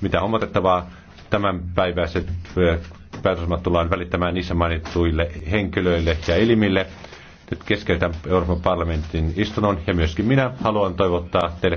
mitä on otettavaa päiväiset päätösmat tullaan välittämään niissä mainittuille henkilöille ja elimille. Nyt keskeytän Euroopan parlamentin istunnon ja myöskin minä haluan toivottaa teille